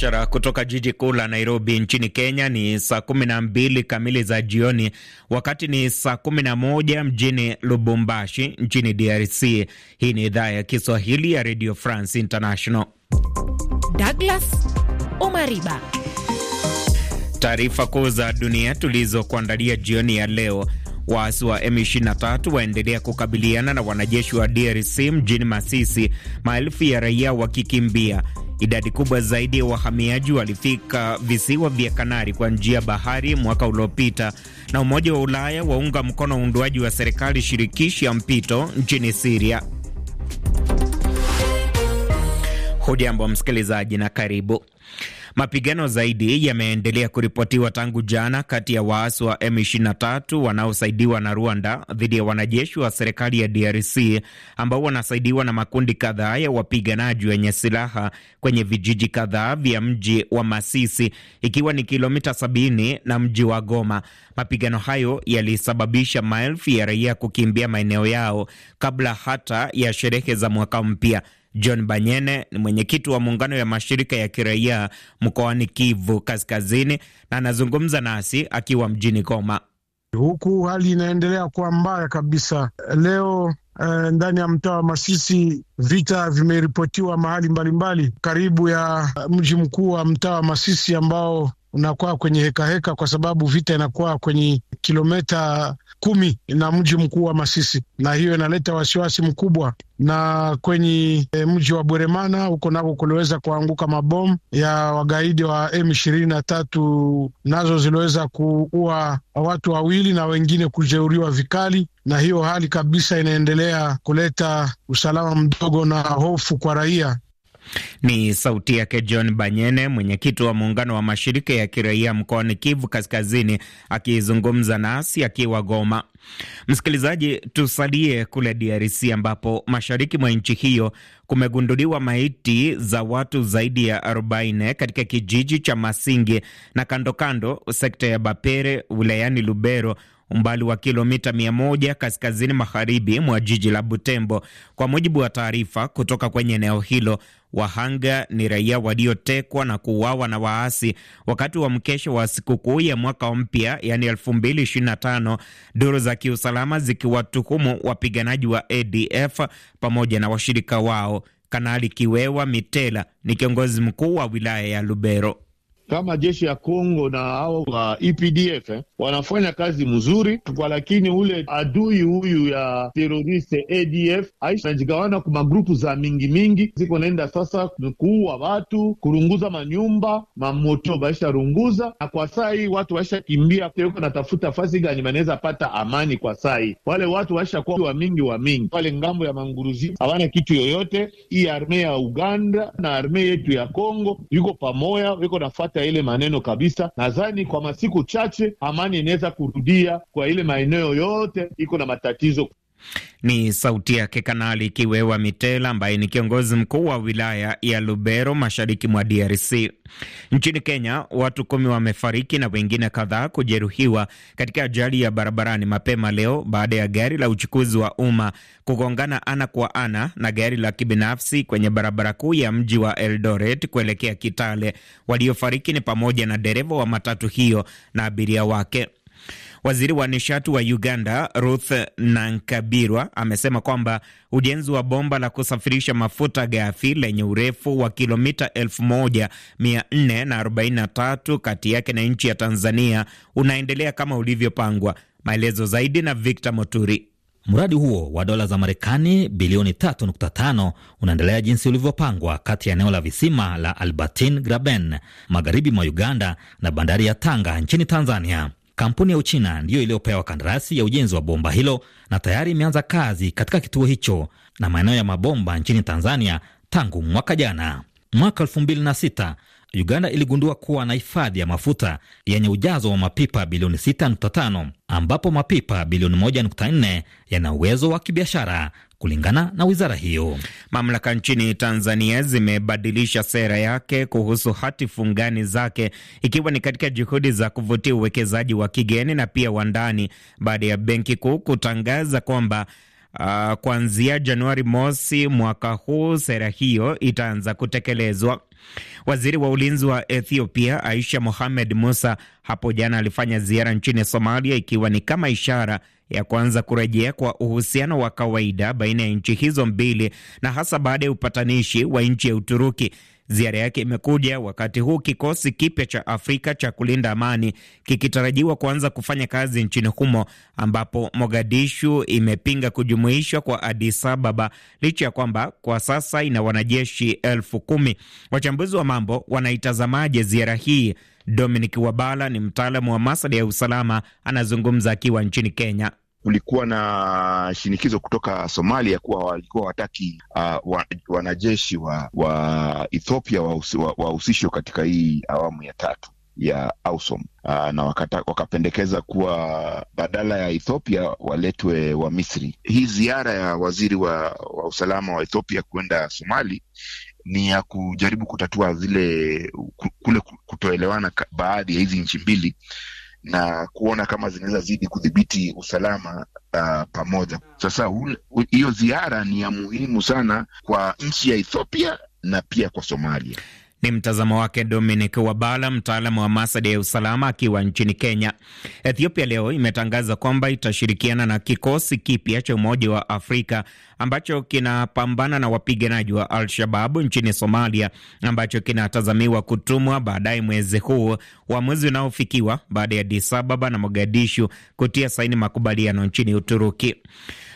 mubashara kutoka jiji kuu la Nairobi nchini Kenya. Ni saa kumi na mbili kamili za jioni, wakati ni saa kumi na moja mjini Lubumbashi nchini DRC. Hii ni idhaa ya Kiswahili ya Radio France International. Douglas Omariba, taarifa kuu za dunia tulizokuandalia jioni ya leo. Waasi wa M23 waendelea kukabiliana na wanajeshi wa DRC mjini Masisi, maelfu ya raia wakikimbia. Idadi kubwa zaidi ya wahamiaji walifika visiwa vya Kanari kwa njia bahari mwaka uliopita, na Umoja wa Ulaya waunga mkono uundwaji wa serikali shirikishi ya mpito nchini Siria. Hujambo msikilizaji na karibu. Mapigano zaidi yameendelea kuripotiwa tangu jana kati ya waasi wa M23 wanaosaidiwa na Rwanda dhidi ya wanajeshi wa serikali ya DRC ambao wanasaidiwa na makundi kadhaa ya wapiganaji wenye silaha kwenye vijiji kadhaa vya mji wa Masisi, ikiwa ni kilomita 70 na mji wa Goma. Mapigano hayo yalisababisha maelfu ya raia kukimbia maeneo yao kabla hata ya sherehe za mwaka mpya. John Banyene ni mwenyekiti wa muungano ya mashirika ya kiraia mkoani Kivu Kaskazini, na anazungumza nasi akiwa mjini Goma. Huku hali inaendelea kuwa mbaya kabisa leo. Uh, ndani ya mtaa wa Masisi vita vimeripotiwa mahali mbalimbali mbali, karibu ya eh, mji mkuu wa mtaa wa Masisi ambao unakuwa kwenye hekaheka heka, kwa sababu vita inakuwa kwenye kilometa kumi na mji mkuu wa Masisi, na hiyo inaleta wasiwasi mkubwa. Na kwenye e, mji wa Bweremana huko nako kuliweza kuanguka mabomu ya wagaidi wa m ishirini na tatu nazo ziliweza kuua watu wawili na wengine kujeuriwa vikali, na hiyo hali kabisa inaendelea kuleta usalama mdogo na hofu kwa raia. Ni sauti yake John Banyene, mwenyekiti wa muungano wa mashirika ya kiraia mkoani Kivu Kaskazini, akizungumza nasi akiwa Goma. Msikilizaji, tusalie kule DRC ambapo mashariki mwa nchi hiyo kumegunduliwa maiti za watu zaidi ya 40 katika kijiji cha Masingi na kando kando sekta ya Bapere wilayani Lubero umbali wa kilomita 100 kaskazini magharibi mwa jiji la Butembo. Kwa mujibu wa taarifa kutoka kwenye eneo hilo, wahanga ni raia waliotekwa na kuuawa na waasi wakati wa mkesha wa sikukuu ya mwaka mpya, yani 2025, duru za kiusalama zikiwatuhumu wapiganaji wa ADF pamoja na washirika wao. Kanali Kiwewa Mitela ni kiongozi mkuu wa wilaya ya Lubero kama jeshi ya Kongo na hao wa EPDF eh, wanafanya kazi mzuri kwa, lakini ule adui huyu ya teroriste ADF aisha najigawana kwa magrupu za mingi mingi, ziko naenda sasa kuua watu, kurunguza manyumba, mamoto baisha runguza, na kwa saa hii watu waisha kimbia teko natafuta fasi gani wanaweza pata amani. Kwa saa hii wale watu waisha kuwa wa mingi wa mingi pale ngambo ya manguruzi, hawana kitu yoyote. Hii arme ya Uganda na arme yetu ya Kongo yuko pamoya, yuko nafata hata ile maneno kabisa. Nadhani kwa masiku chache amani inaweza kurudia kwa ile maeneo yote iko na matatizo. Ni sauti yake Kanali Kiwewa Mitela ambaye ni kiongozi mkuu wa wilaya ya Lubero mashariki mwa DRC. Nchini Kenya, watu kumi wamefariki na wengine kadhaa kujeruhiwa katika ajali ya barabarani mapema leo baada ya gari la uchukuzi wa umma kugongana ana kwa ana na gari la kibinafsi kwenye barabara kuu ya mji wa Eldoret kuelekea Kitale. Waliofariki ni pamoja na dereva wa matatu hiyo na abiria wake. Waziri wa nishati wa Uganda Ruth Nankabirwa amesema kwamba ujenzi wa bomba la kusafirisha mafuta ghafi lenye urefu wa kilomita 1443 kati yake na nchi ya Tanzania unaendelea kama ulivyopangwa. Maelezo zaidi na Victor Moturi. Mradi huo wa dola za Marekani bilioni 3.5 unaendelea jinsi ulivyopangwa kati ya eneo la visima la Albertine Graben magharibi mwa Uganda na bandari ya Tanga nchini Tanzania. Kampuni ya Uchina ndiyo iliyopewa kandarasi ya ujenzi wa bomba hilo na tayari imeanza kazi katika kituo hicho na maeneo ya mabomba nchini Tanzania tangu mwaka jana. Mwaka elfu mbili na sita Uganda iligundua kuwa na hifadhi ya mafuta yenye ujazo wa mapipa bilioni 6.5 ambapo mapipa bilioni 1.4 yana uwezo wa kibiashara kulingana na wizara hiyo. Mamlaka nchini Tanzania zimebadilisha sera yake kuhusu hati fungani zake, ikiwa ni katika juhudi za kuvutia uwekezaji wa kigeni na pia wa ndani baada ya benki kuu kutangaza kwamba uh, kuanzia Januari mosi mwaka huu sera hiyo itaanza kutekelezwa. Waziri wa ulinzi wa Ethiopia Aisha Mohamed Musa hapo jana alifanya ziara nchini Somalia, ikiwa ni kama ishara ya kuanza kurejea kwa uhusiano wa kawaida baina ya nchi hizo mbili, na hasa baada ya upatanishi wa nchi ya Uturuki. Ziara yake imekuja wakati huu kikosi kipya cha Afrika cha kulinda amani kikitarajiwa kuanza kufanya kazi nchini humo, ambapo Mogadishu imepinga kujumuishwa kwa Addis Ababa licha ya kwamba kwa sasa ina wanajeshi elfu kumi. Wachambuzi wa mambo wanaitazamaje ziara hii? Dominic Wabala ni mtaalamu wa masuala ya usalama, anazungumza akiwa nchini Kenya kulikuwa na shinikizo kutoka Somalia kuwa walikuwa wataki uh, wa, wanajeshi wa, wa Ethiopia wahusishwe wa, wa katika hii awamu ya tatu ya AUSOM uh, na wakata, wakapendekeza kuwa badala ya Ethiopia waletwe wa Misri. Hii ziara ya waziri wa, wa usalama wa Ethiopia kwenda Somali ni ya kujaribu kutatua zile kule kutoelewana baadhi ya hizi nchi mbili na kuona kama zinaweza zidi kudhibiti usalama uh, pamoja. Sasa hiyo ziara ni ya muhimu sana kwa nchi ya Ethiopia na pia kwa Somalia. Ni mtazamo wake Dominic Wabala, mtaalamu wa masada ya usalama akiwa nchini Kenya. Ethiopia leo imetangaza kwamba itashirikiana na kikosi kipya cha Umoja wa Afrika ambacho kinapambana na wapiganaji wa Al-Shababu nchini Somalia, ambacho kinatazamiwa kutumwa baadaye mwezi huu, uamuzi unaofikiwa baada ya disababa Ababa na Mogadishu kutia saini makubaliano nchini Uturuki.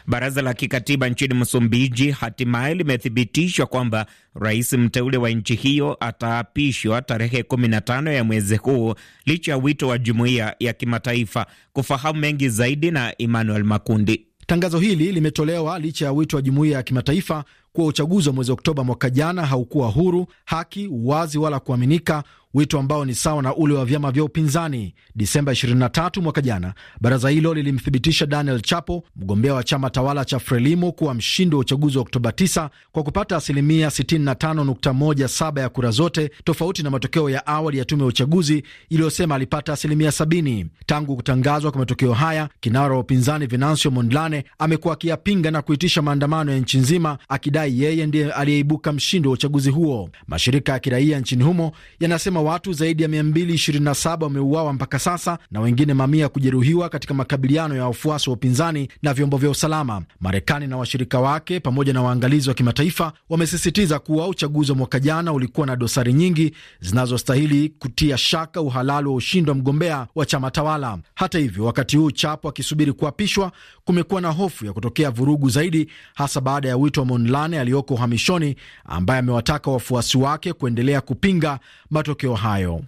Baraza la kikatiba nchini Msumbiji hatimaye limethibitishwa kwamba rais mteule wa nchi hiyo ataapishwa tarehe 15 ya mwezi huu licha ya wito wa jumuiya ya kimataifa. Kufahamu mengi zaidi na Emmanuel Makundi. Tangazo hili limetolewa licha ya wito wa jumuiya ya kimataifa kuwa uchaguzi wa mwezi Oktoba mwaka jana haukuwa huru, haki, uwazi wala kuaminika, wito ambao ni sawa na ule wa vyama vya upinzani. Disemba 23 mwaka jana, baraza hilo lilimthibitisha Daniel Chapo, mgombea wa chama tawala cha Frelimo, kuwa mshindi wa uchaguzi wa Oktoba 9 kwa kupata asilimia 65.17 ya kura zote, tofauti na matokeo ya awali ya tume ya uchaguzi iliyosema alipata asilimia 70. Tangu kutangazwa kwa matokeo haya, kinara wa upinzani Venancio Mondlane amekuwa akiyapinga na kuitisha maandamano ya nchi nzima akidai akidai yeye ndiye aliyeibuka mshindi wa uchaguzi huo. Mashirika ya kiraia nchini humo yanasema watu zaidi ya 227 wameuawa mpaka sasa na wengine mamia kujeruhiwa katika makabiliano ya wafuasi wa upinzani na vyombo vya usalama. Marekani na washirika wake pamoja na waangalizi wa kimataifa wamesisitiza kuwa uchaguzi wa mwaka jana ulikuwa na dosari nyingi zinazostahili kutia shaka uhalali wa ushindi wa mgombea wa chama tawala. Hata hivyo, wakati huu Chapo akisubiri kuapishwa, kumekuwa na hofu ya kutokea vurugu zaidi, hasa baada ya wito wa Mondlane Marekani aliyoko uhamishoni ambaye amewataka wafuasi wake kuendelea kupinga matokeo hayo.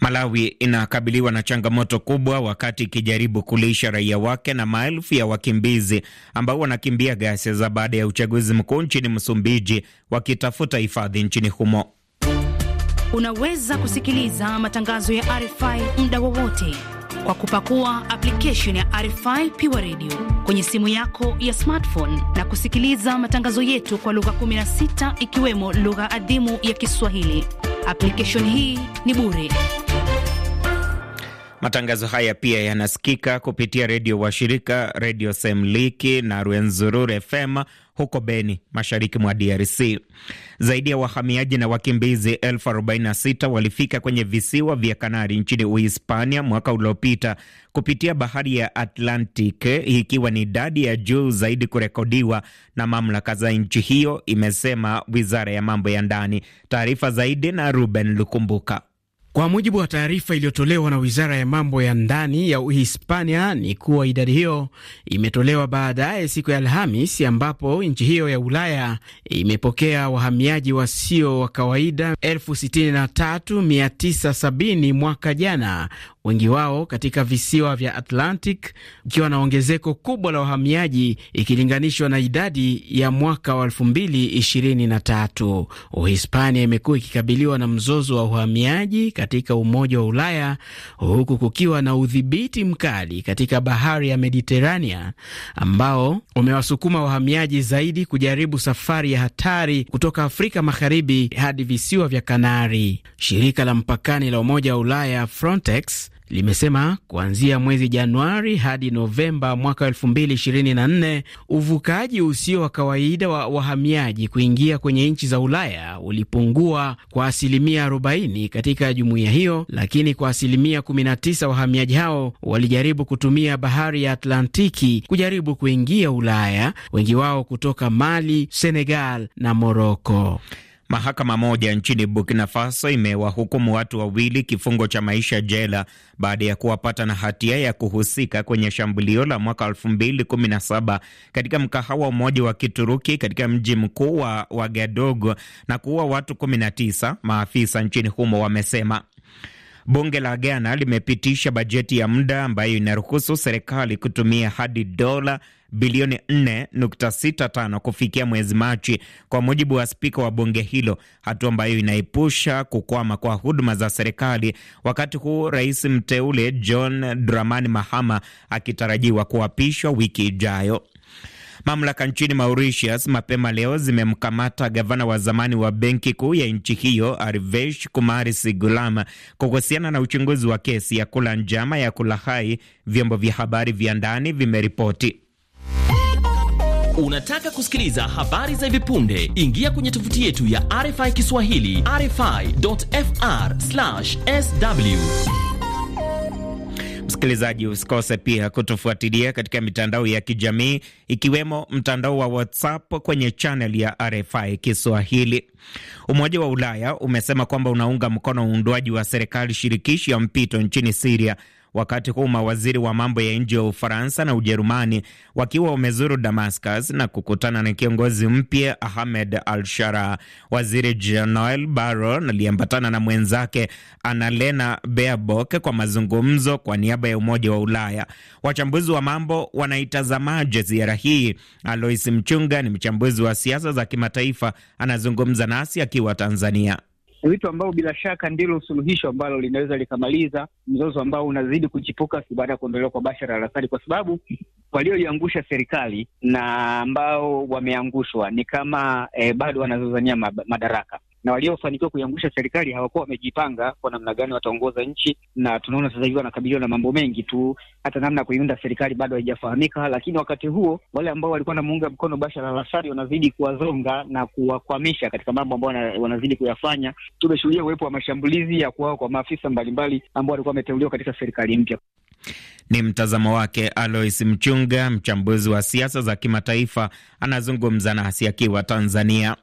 Malawi inakabiliwa na changamoto kubwa wakati ikijaribu kulisha raia wake na maelfu ya wakimbizi ambao wanakimbia ghasia za baada ya uchaguzi mkuu nchini Msumbiji wakitafuta hifadhi nchini humo. Unaweza kusikiliza matangazo ya RFI muda wowote kwa kupakua application ya RFI Pure Radio kwenye simu yako ya smartphone na kusikiliza matangazo yetu kwa lugha 16 ikiwemo lugha adhimu ya Kiswahili. Application hii ni bure. Matangazo haya pia yanasikika kupitia redio washirika, Redio Semliki na Rwenzururu FM huko Beni, mashariki mwa DRC. Zaidi ya wahamiaji na wakimbizi elfu 46 walifika kwenye visiwa vya Kanari nchini Uhispania mwaka uliopita kupitia bahari ya Atlantic, ikiwa ni idadi ya juu zaidi kurekodiwa na mamlaka za nchi hiyo, imesema wizara ya mambo ya ndani. Taarifa zaidi na Ruben Lukumbuka. Kwa mujibu wa taarifa iliyotolewa na wizara ya mambo ya ndani ya Uhispania ni kuwa idadi hiyo imetolewa baadaye siku ya Alhamis, ambapo nchi hiyo ya Ulaya imepokea wahamiaji wasio wa kawaida 63970 mwaka jana, wengi wao katika visiwa vya Atlantic, ukiwa na ongezeko kubwa la wahamiaji ikilinganishwa na idadi ya mwaka wa 2023. Uhispania imekuwa ikikabiliwa na mzozo wa uhamiaji katika Umoja wa Ulaya, huku kukiwa na udhibiti mkali katika bahari ya Mediterania ambao umewasukuma wahamiaji zaidi kujaribu safari ya hatari kutoka Afrika Magharibi hadi visiwa vya Kanari. Shirika la mpakani la Umoja wa Ulaya Frontex limesema kuanzia mwezi Januari hadi Novemba mwaka 2024 uvukaji usio wa kawaida wa wahamiaji kuingia kwenye nchi za Ulaya ulipungua kwa asilimia 40 katika jumuiya hiyo, lakini kwa asilimia 19 wahamiaji hao walijaribu kutumia bahari ya Atlantiki kujaribu kuingia Ulaya, wengi wao kutoka Mali, Senegal na Moroko. Mahakama moja nchini Burkina Faso imewahukumu watu wawili kifungo cha maisha jela baada ya kuwapata na hatia ya kuhusika kwenye shambulio la mwaka 2017 katika mkahawa mmoja wa Kituruki katika mji mkuu wa Wagadogo na kuua watu 19, maafisa nchini humo wamesema. Bunge la Ghana limepitisha bajeti ya muda ambayo inaruhusu serikali kutumia hadi dola bilioni 4.65 kufikia mwezi Machi, kwa mujibu wa spika wa bunge hilo, hatua ambayo inaepusha kukwama kwa huduma za serikali, wakati huu rais mteule John Dramani Mahama akitarajiwa kuapishwa wiki ijayo. Mamlaka nchini Mauritius mapema leo zimemkamata gavana wa zamani wa benki kuu ya nchi hiyo Arvesh Kumari Sigulam kuhusiana na uchunguzi wa kesi ya kula njama ya kula hai, vyombo vya habari vya ndani vimeripoti. Unataka kusikiliza habari za hivi punde? Ingia kwenye tovuti yetu ya RFI Kiswahili, rfi.fr/sw. Msikilizaji, usikose pia kutufuatilia katika mitandao ya kijamii ikiwemo mtandao wa WhatsApp kwenye chanel ya RFI Kiswahili. Umoja wa Ulaya umesema kwamba unaunga mkono uundwaji wa serikali shirikishi ya mpito nchini Siria wakati huu mawaziri wa mambo ya nje ya Ufaransa na Ujerumani wakiwa wamezuru Damascus na kukutana na kiongozi mpya Ahmed al Shara. Waziri Noel Barrot aliyeambatana na mwenzake Annalena Baerbock kwa mazungumzo kwa niaba ya Umoja wa Ulaya. Wachambuzi wa mambo wanaitazamaje ziara hii? Alois Mchunga ni mchambuzi wa siasa za kimataifa, anazungumza nasi akiwa Tanzania vitu ambavyo bila shaka ndilo suluhisho ambalo linaweza likamaliza mzozo ambao unazidi kuchipuka baada ya kuondolewa kwa Bashar al Asadi, kwa sababu walioiangusha serikali na ambao wameangushwa ni kama eh, bado wanazozania madaraka na waliofanikiwa kuiangusha serikali hawakuwa wamejipanga kwa namna gani wataongoza nchi, na tunaona sasa hivi wanakabiliwa na mambo mengi tu, hata namna ya kuiunda serikali bado haijafahamika. Lakini wakati huo wale ambao walikuwa wanamuunga mkono Bashar al-Assad wanazidi kuwazonga na kuwakwamisha katika mambo ambayo wanazidi kuyafanya. Tumeshuhudia uwepo wa mashambulizi ya kuwawa kwa maafisa mbalimbali ambao walikuwa wameteuliwa katika serikali mpya. Ni mtazamo wake Alois Mchunga, mchambuzi wa siasa za kimataifa, anazungumza nasi akiwa Tanzania.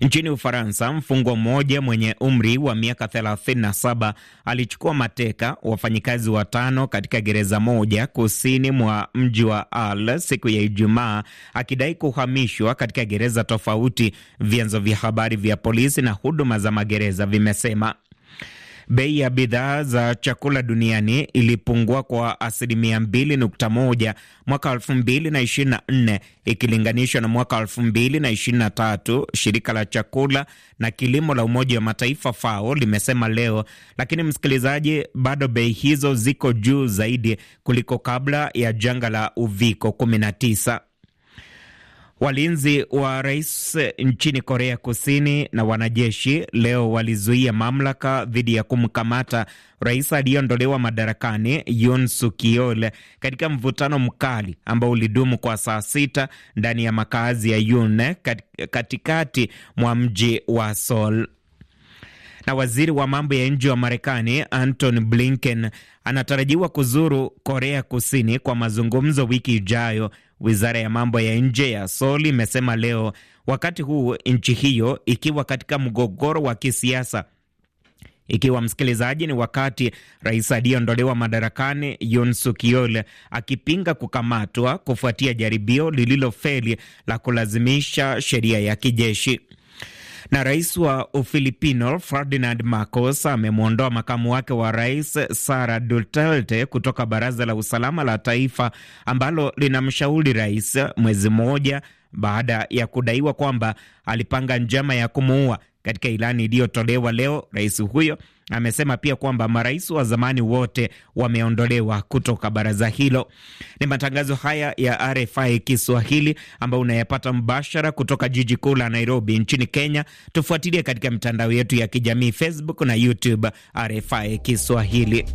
Nchini Ufaransa, mfungwa mmoja mwenye umri wa miaka 37 alichukua mateka wafanyikazi watano katika gereza moja kusini mwa mji wa Al siku ya Ijumaa, akidai kuhamishwa katika gereza tofauti, vyanzo vya habari vya polisi na huduma za magereza vimesema bei ya bidhaa za chakula duniani ilipungua kwa asilimia 2.1 mwaka 2024 ikilinganishwa na mwaka 2023, shirika la chakula na kilimo la Umoja wa Mataifa FAO limesema leo. Lakini msikilizaji, bado bei hizo ziko juu zaidi kuliko kabla ya janga la uviko 19. Walinzi wa rais nchini Korea Kusini na wanajeshi leo walizuia mamlaka dhidi ya kumkamata rais aliyeondolewa madarakani Yoon Suk Yeol katika mvutano mkali ambao ulidumu kwa saa sita ndani ya makazi ya Yoon katikati mwa mji wa Seoul na waziri wa mambo ya nje wa Marekani Anton Blinken anatarajiwa kuzuru Korea Kusini kwa mazungumzo wiki ijayo, Wizara ya mambo ya nje ya sol imesema leo, wakati huu nchi hiyo ikiwa katika mgogoro wa kisiasa. Ikiwa msikilizaji, ni wakati rais aliyeondolewa madarakani Yoon Suk Yeol akipinga kukamatwa kufuatia jaribio lililofeli la kulazimisha sheria ya kijeshi. Na rais wa Ufilipino Ferdinand Marcos amemwondoa makamu wake wa rais Sara Duterte kutoka baraza la usalama la taifa ambalo linamshauri rais, mwezi mmoja baada ya kudaiwa kwamba alipanga njama ya kumuua. Katika ilani iliyotolewa leo, rais huyo Amesema pia kwamba marais wa zamani wote wameondolewa kutoka baraza hilo. Ni matangazo haya ya RFI Kiswahili ambayo unayapata mbashara kutoka jiji kuu la Nairobi nchini Kenya. Tufuatilie katika mitandao yetu ya kijamii, Facebook na YouTube, RFI Kiswahili.